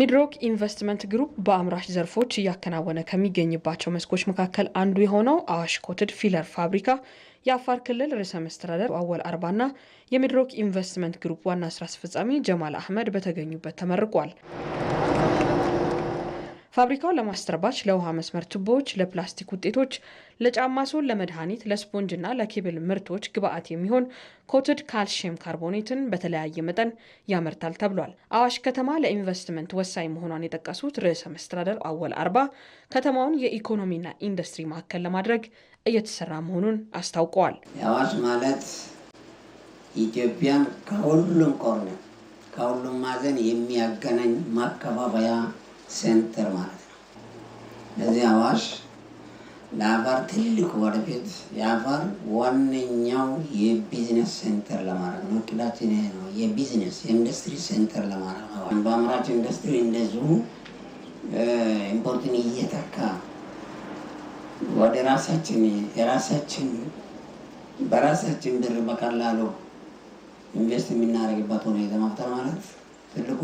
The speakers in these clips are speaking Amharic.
ሚድሮክ ኢንቨስትመንት ግሩፕ በአምራች ዘርፎች እያከናወነ ከሚገኝባቸው መስኮች መካከል አንዱ የሆነው አዋሽ ኮትድ ፊለር ፋብሪካ የአፋር ክልል ርዕሰ መስተዳደር አወል አርባና የሚድሮክ ኢንቨስትመንት ግሩፕ ዋና ስራ አስፈጻሚ ጀማል አህመድ በተገኙበት ተመርቋል። ፋብሪካው ለማስተርባች፣ ለውሃ መስመር ቱቦዎች፣ ለፕላስቲክ ውጤቶች፣ ለጫማ ሶል፣ ለመድኃኒት፣ እና ለኬብል ምርቶች ግብአት የሚሆን ኮትድ ካልሽየም ካርቦኔትን በተለያየ መጠን ያመርታል ተብሏል። አዋሽ ከተማ ለኢንቨስትመንት ወሳኝ መሆኗን የጠቀሱት ርዕሰ መስተዳደር አወል አርባ ከተማውን የኢኮኖሚና ኢንዱስትሪ ማዕከል ለማድረግ እየተሰራ መሆኑን አስታውቀዋል። አዋሽ ማለት ኢትዮጵያን ከሁሉም ቆርነ ከሁሉም ማዘን የሚያገናኝ ማከፋፈያ ሴንተር ማለት ነው። እዚህ አዋሽ ለአፋር ትልቁ ወደፊት የአፋር ዋነኛው የቢዝነስ ሴንተር ለማድረግ ነው። እቅዳችን ይሄ ነው። የቢዝነስ የኢንዱስትሪ ሴንተር ለማድረግ ነው። በአምራች ኢንዱስትሪ እንደዚሁ ኢምፖርትን እየተካ ወደ ራሳችን የራሳችን በራሳችን ብር በቀላሉ ኢንቨስት የምናደርግበት ሁኔታ መፍጠር ማለት ትልቁ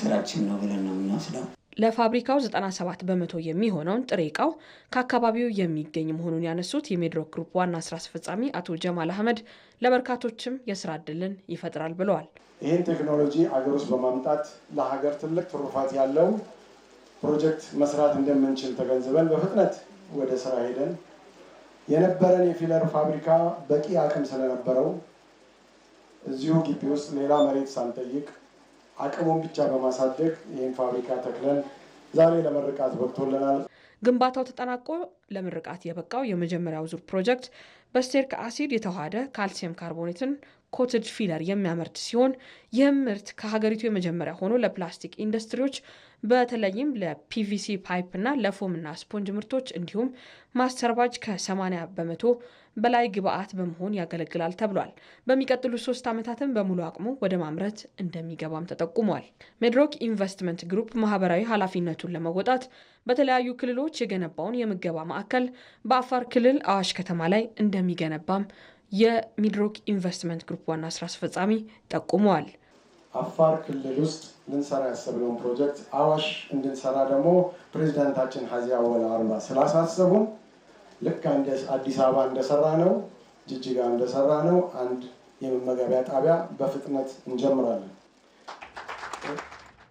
ስራችን ነው ብለን ነው የምንወስደው። ለፋብሪካው 97 በመቶ የሚሆነውን ጥሬ እቃው ከአካባቢው የሚገኝ መሆኑን ያነሱት የሜድሮክ ግሩፕ ዋና ስራ አስፈጻሚ አቶ ጀማል አህመድ ለበርካቶችም የስራ እድልን ይፈጥራል ብለዋል። ይህን ቴክኖሎጂ አገር ውስጥ በማምጣት ለሀገር ትልቅ ትሩፋት ያለው ፕሮጀክት መስራት እንደምንችል ተገንዝበን በፍጥነት ወደ ስራ ሄደን የነበረን የፊለር ፋብሪካ በቂ አቅም ስለነበረው እዚሁ ግቢ ውስጥ ሌላ መሬት ሳንጠይቅ አቅሙን ብቻ በማሳደግ ይህን ፋብሪካ ተክለን ዛሬ ለምርቃት በቅቶልናል። ግንባታው ተጠናቆ ለምርቃት የበቃው የመጀመሪያው ዙር ፕሮጀክት በስቴሪክ አሲድ የተዋሃደ ካልሲየም ካርቦኔትን ኮትድ ፊለር የሚያመርት ሲሆን ይህም ምርት ከሀገሪቱ የመጀመሪያ ሆኖ ለፕላስቲክ ኢንዱስትሪዎች በተለይም ለፒቪሲ ፓይፕ እና ለፎምና ስፖንጅ ምርቶች እንዲሁም ማስተርባጅ ከ80 በመቶ በላይ ግብአት በመሆን ያገለግላል ተብሏል። በሚቀጥሉት ሶስት ዓመታትም በሙሉ አቅሙ ወደ ማምረት እንደሚገባም ተጠቁሟል። ሜድሮክ ኢንቨስትመንት ግሩፕ ማህበራዊ ኃላፊነቱን ለመወጣት በተለያዩ ክልሎች የገነባውን የምገባ ማዕከል በአፋር ክልል አዋሽ ከተማ ላይ እንደሚገነባም የሚድሮክ ኢንቨስትመንት ግሩፕ ዋና ስራ አስፈጻሚ ጠቁመዋል። አፋር ክልል ውስጥ ልንሰራ ያሰብነውን ፕሮጀክት አዋሽ እንድንሰራ ደግሞ ፕሬዚዳንታችን ሀዚያ ወለ አርባ ስላሳሰቡን ልክ አዲስ አበባ እንደሰራ ነው፣ ጅጅጋ እንደሰራ ነው፣ አንድ የመመገቢያ ጣቢያ በፍጥነት እንጀምራለን።